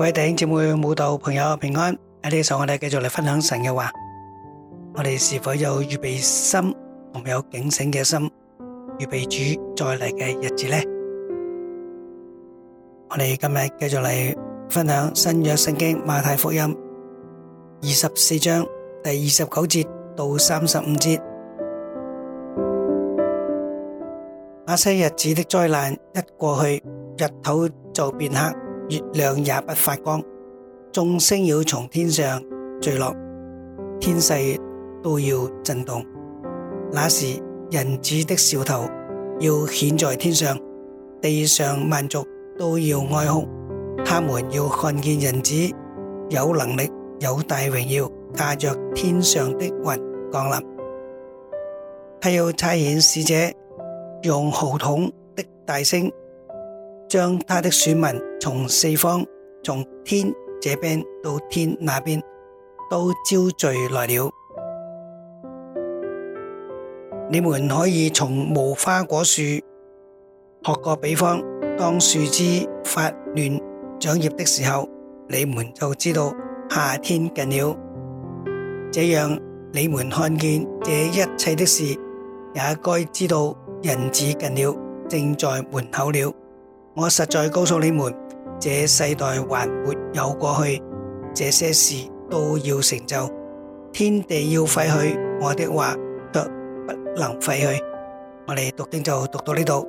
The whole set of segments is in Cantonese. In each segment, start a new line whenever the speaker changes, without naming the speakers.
各位弟兄姊妹、慕道朋友平安。喺呢度我哋繼續嚟分享神嘅話，我哋是否有預備心，同有警醒嘅心，預備主再嚟嘅日子呢？我哋今日繼續嚟分享新約聖經馬太福音二十四章第二十九節到三十五節。那些日子的災難一過去，日頭就變黑。月亮也不發光，眾星要從天上墜落，天勢都要震動。那時人子的兆頭要顯在天上，地上萬族都要哀哭，他們要看見人子有能力有大榮耀，駕着天上的雲降臨。他要差遣使者用號筒的大聲。將他的選民從四方，從天這邊到天那邊，都招聚來了。你們可以從無花果樹學個比方：當樹枝發嫩長葉的時候，你們就知道夏天近了。這樣，你們看見這一切的事，也該知道人子近了，正在門口了。我實在告訴你們，這世代還沒有過去，這些事都要成就。天地要廢去，我的話，却不能廢去。我哋讀經就讀到呢度。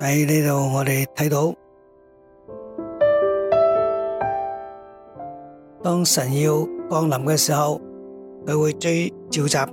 喺呢度，我哋睇到，當神要降臨嘅時候，佢會追召集。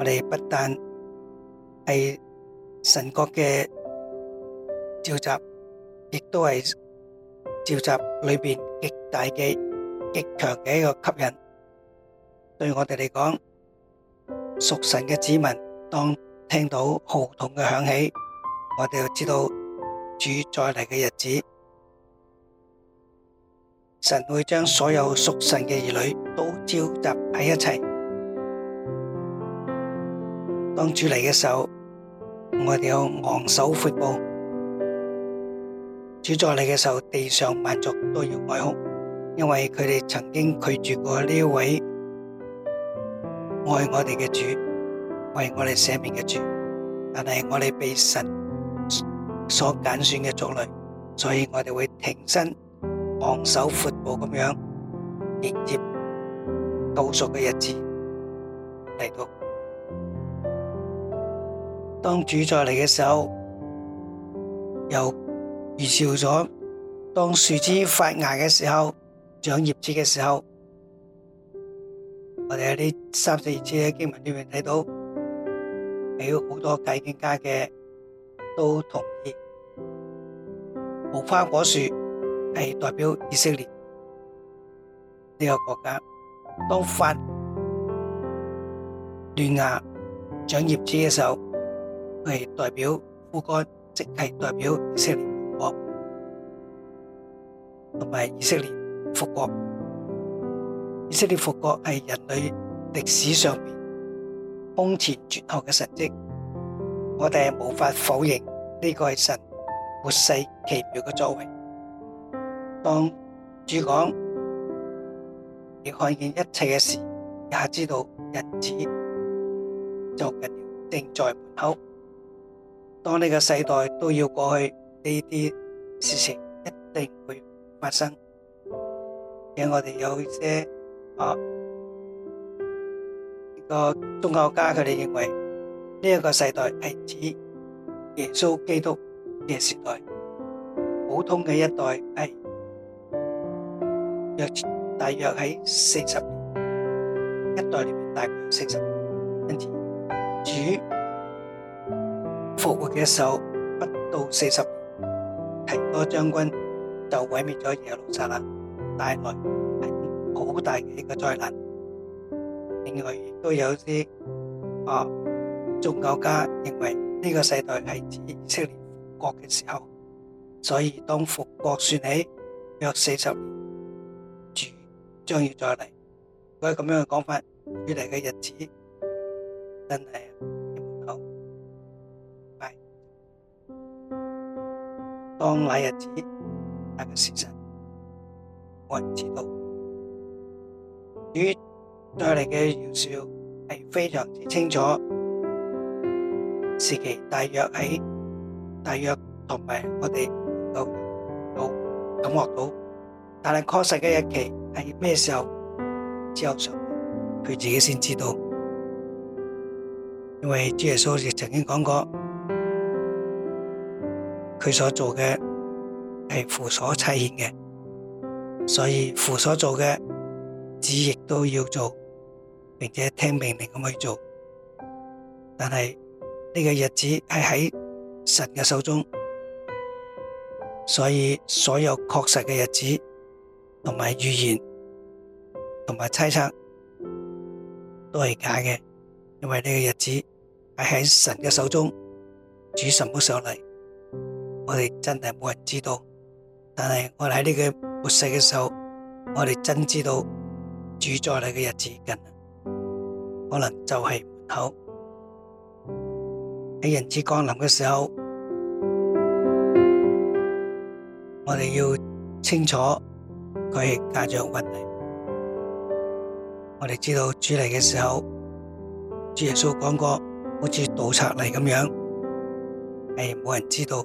我哋不但係神國嘅召集，亦都係召集裏面極大嘅、極強嘅一個吸引。對我哋嚟講，屬神嘅子民，當聽到號筒嘅響起，我哋就知道主再嚟嘅日子，神會將所有屬神嘅兒女都召集喺一齊。當主嚟嘅時候，我哋要昂首闊步；主再嚟嘅時候，地上萬族都要哀哭，因為佢哋曾經拒絕過呢位愛我哋嘅主，為我哋捨命嘅主。但係我哋被神所揀選嘅族類，所以我哋會挺身昂首闊步咁樣迎接倒數嘅日子嚟到。當主再嚟嘅時候，又預兆咗當樹枝發芽嘅時候，長葉子嘅時候，我哋喺呢三四次嘅經文裏面睇到，有好多計經家嘅都同意，無花果樹係代表以色列呢個國家，當發嫩芽、長葉子嘅時候。佢係代表枯乾，即係代表以色列國，同埋以色列復國。以色列復國係人類歷史上面空前絕後嘅神蹟，我哋係無法否認呢個係神末世奇妙嘅作為。當主講，你看見一切嘅事，也知道日子就近定在門口。當你嘅世代都要過去，呢啲事情，一定會發生。而且我哋有些啊，個宗教家，佢哋認為呢一個世代係指耶穌基督嘅時代，普通嘅一代係約大約喺四十年，一代裏邊，大約四十年，因此主。復活嘅時候不到四十年，提多將軍就毀滅咗耶路撒冷，帶來好大嘅一個災難。另外亦都有啲啊宗教家認為呢個世代係指以色列復國嘅時候，所以當復國算起約四十年主將要再嚟。如果咁樣嘅講法，主嚟嘅日子真係～當那日子，那個時辰，我唔知道。於帶嚟嘅預兆係非常之清楚，時期大約喺大約同埋我哋能夠感覺到，但係確實嘅日期係咩時候之後上，佢自己先知道。因為主耶穌亦曾經講過。佢所做嘅係父所差遣嘅，所以父所做嘅，子亦都要做，並且聽命令咁去做。但係呢個日子係喺神嘅手中，所以所有確實嘅日子同埋預言同埋猜測都係假嘅，因為呢個日子係喺神嘅手中，主神都上嚟。我哋真係冇人知道，但係我哋喺呢個末世嘅時候，我哋真知道主再嚟嘅日子近，可能就係門口。喺人子降臨嘅時候，我哋要清楚佢係駕着雲嚟。我哋知道主嚟嘅時候，主耶穌講過好似盜賊嚟咁樣，係冇人知道。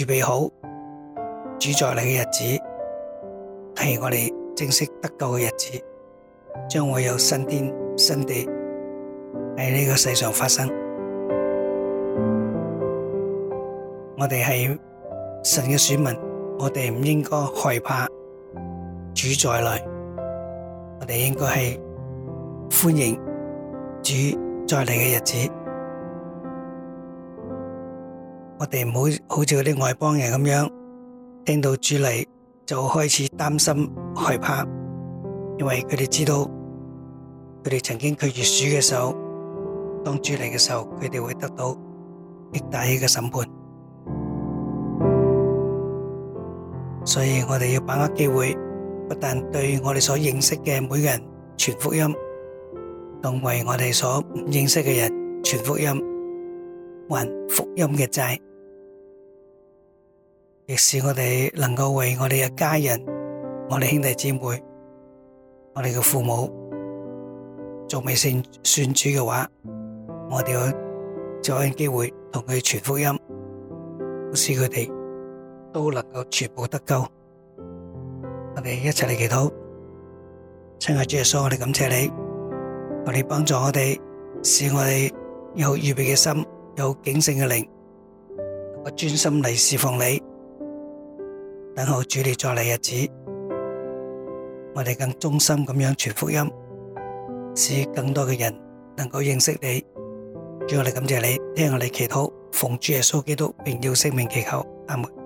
預備好主再嚟嘅日子，係我哋正式得救嘅日子，將會有新天新地喺呢個世上發生。我哋係神嘅選民，我哋唔應該害怕主再嚟，我哋應該係歡迎主再嚟嘅日子。我哋唔好好似嗰啲外邦人咁樣，聽到主嚟，就開始擔心害怕，因為佢哋知道佢哋曾經拒絕主嘅時候，當主嚟嘅時候，佢哋會得到極大嘅審判。所以我哋要把握機會，不但對我哋所認識嘅每個人傳福音，更為我哋所唔認識嘅人傳福音，還福音嘅債。亦使我哋能夠為我哋嘅家人、我哋兄弟姊妹、我哋嘅父母仲未信信主嘅話，我哋可再有機會同佢傳福音，使佢哋都能夠全部得救。我哋一齊嚟祈禱，親愛主耶穌，我哋感謝你，求你幫助我哋，使我哋有預備嘅心，有警醒嘅靈，我專心嚟侍奉你。等候主嚟再嚟日子，我哋更忠心咁樣傳福音，使更多嘅人能夠認識你。主，我哋感謝你，聽我哋祈禱，奉主耶穌基督榮耀聖名祈求，阿門。